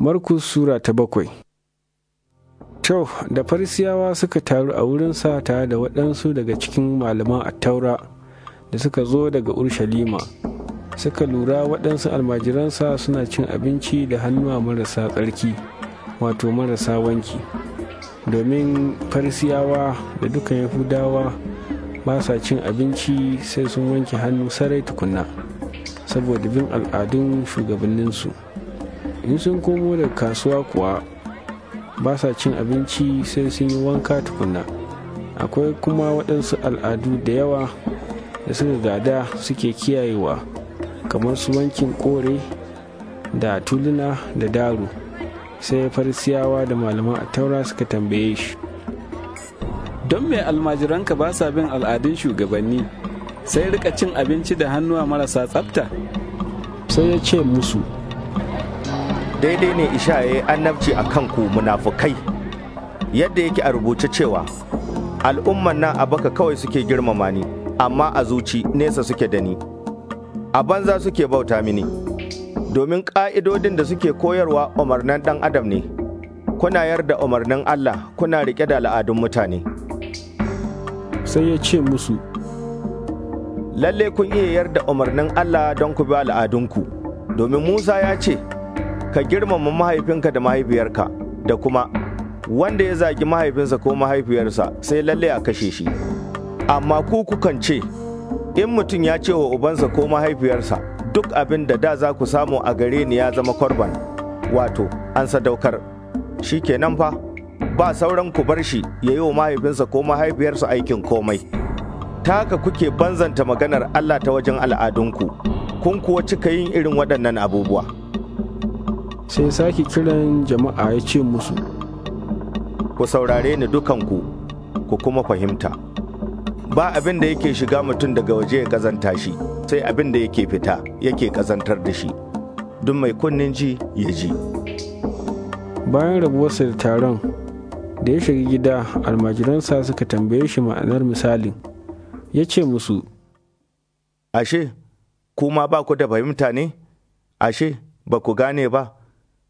Markus Sura ta bakwai To, da farisiyawa suka taru a wurin tare da waɗansu daga cikin malaman attaura da suka zo daga Urshalima, suka lura waɗansu almajiransa suna cin abinci da hannuwa marasa tsarki, wato marasa wanki. Domin farisiyawa da dukkan Yahudawa ba sa cin abinci sai sun wanke hannu sarai tukunna, saboda bin al'adun shugabanninsu. in sun komo daga kasuwa kuwa ba sa cin abinci sai sun yi wanka tukuna akwai kuma waɗansu al'adu da yawa da suka dada suke kiyayewa kamar su wankin kore da tuluna da daru sai farisiyawa da malaman taura suka tambaye shi don mai almajiranka ba sa bin al'adun shugabanni sai rika cin abinci da hannuwa marasa tsabta. sai ya ce musu daidai ne isha ya yi annabci a kanku munafukai yadda yake a rubuce cewa al'umman nan a baka kawai suke girmama ni amma a zuci nesa suke da ni a banza suke bauta mini domin ƙa'idodin da suke koyarwa umarnan ɗan adam ne kuna yarda umarnin Allah kuna riƙe da al'adun mutane sai ya ce musu lalle kun iya yarda umarnin Allah don ku bi al'adunku domin Musa ya ce ka girmama mahaifinka da mahaifiyarka da kuma wanda ya zagi mahaifinsa ko mahaifiyarsa sai lalle a kashe shi amma ku kukan ce in mutum ya ce wa ubansa ko mahaifiyarsa duk abin da da za ku samu a gare ni ya zama korban wato an sadaukar shi kenan fa ba sauran ku bar shi ya yi wa mahaifinsa ko mahaifiyarsa aikin komai ta haka kuke banzanta maganar Allah ta wajen al'adunku kun kuwa cika yin irin waɗannan abubuwa. sai sake kiran jama'a ya ce musu ku saurare ni dukanku ku kuma fahimta ba abin da yake shiga mutum daga waje ya kazanta shi sai abin da yake fita yake kazantar da shi duk mai kunnin ji ya ji bayan rabuwarsa da taron da ya shiga gida almajiransa suka tambaye shi ma'anar misalin ya ce musu ashe kuma ba ku da fahimta ne ashe ba ku gane ba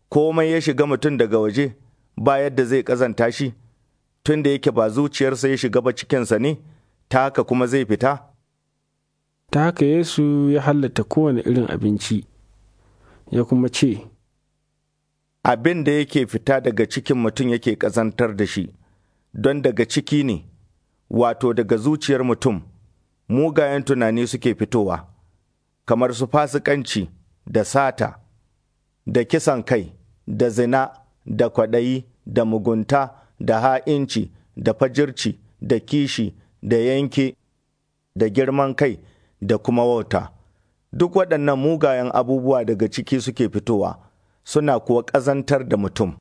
komai ya shiga mutum daga waje ba yadda zai ƙazanta shi, tun da yake ba zuciyarsa ya shiga ba cikinsa ne, ta haka kuma zai fita. Ta haka Yesu ya halatta kowane irin abinci, ya kuma ce, Abin da yake fita daga cikin mutum yake ƙazantar da shi, don daga ciki ne, wato daga zuciyar mutum, mugayen tunani suke fitowa, kamar su fasikanci da sata, da kisan kai. da zina da kwaɗayi da mugunta da ha'inci da fajirci da kishi da yanke da girman kai da kuma wauta duk waɗannan mugayen abubuwa daga ciki suke fitowa suna kuwa ƙazantar da mutum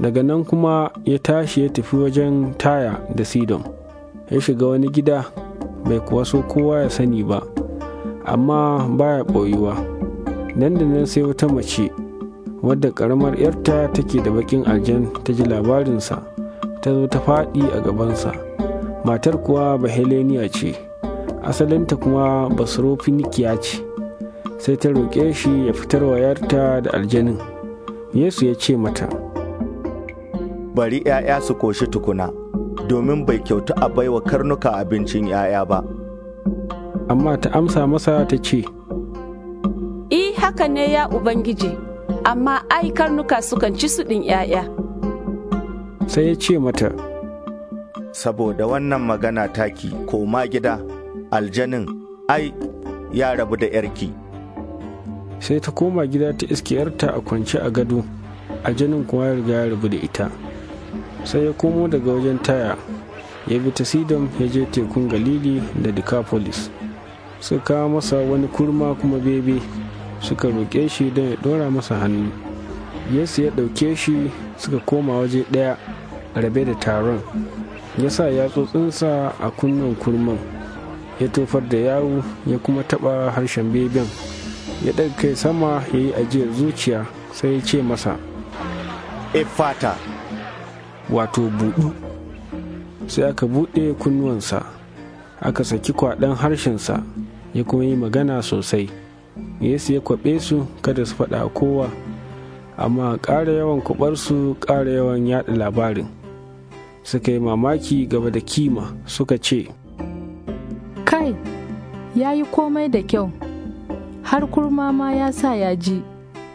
daga nan kuma ya tashi ya tafi wajen taya da sidon ya shiga wani gida bai kuwa so kowa ya sani ba amma baya ɓoyuwa nan da nan sai wata mace wadda karamar yarta take da bakin aljan ta ji labarinsa ta zo ta faɗi a gabansa matar kuwa ba heleniya ce asalinta kuma basrofinikiya ce sai ta roƙe shi ya fitar wa yarta da aljanin yesu ya ce mata bari 'ya'ya su koshi tukuna domin bai kyautu a baiwa karnuka abincin 'ya'ya ba amma ta amsa masa ta ce I haka ne ya Ubangiji, amma ai karnuka sukan ci su ɗin ‘ya'ya. Sai ya ce mata, Saboda wannan magana taki ma gida, aljanin, ai, ya rabu da ‘yarki. Sai ta koma gida ta iske ‘yarta a kwance a gado, aljanin kuma ya riga ya rabu da ita. Sai ya komo daga wajen taya, ya bi ta Sidon ya je tekun Galili da Decapolis. Suka masa wani kurma kuma bebe. suka roƙe shi don ya ɗora masa hannu yesu ya ɗauke shi suka koma waje ɗaya rabe da taron ya sa yatsotsinsa a kunnen kurman ya tofar da yawu ya kuma taɓa harshen beben ya ɗaga kai sama ya yi ajiyar zuciya sai ya ce masa efata wato buɗu sai aka buɗe kunnuwansa aka saki kwaɗan harshensa ya kuma yi magana sosai yesu ya kwaɓe su kada su faɗa kowa amma ƙara yawan su ƙara yawan yaɗa labarin suka yi mamaki gaba da kima suka ce kai ya yi komai da kyau har kurma ma ya sa ya ji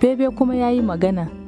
bebe kuma ya yi magana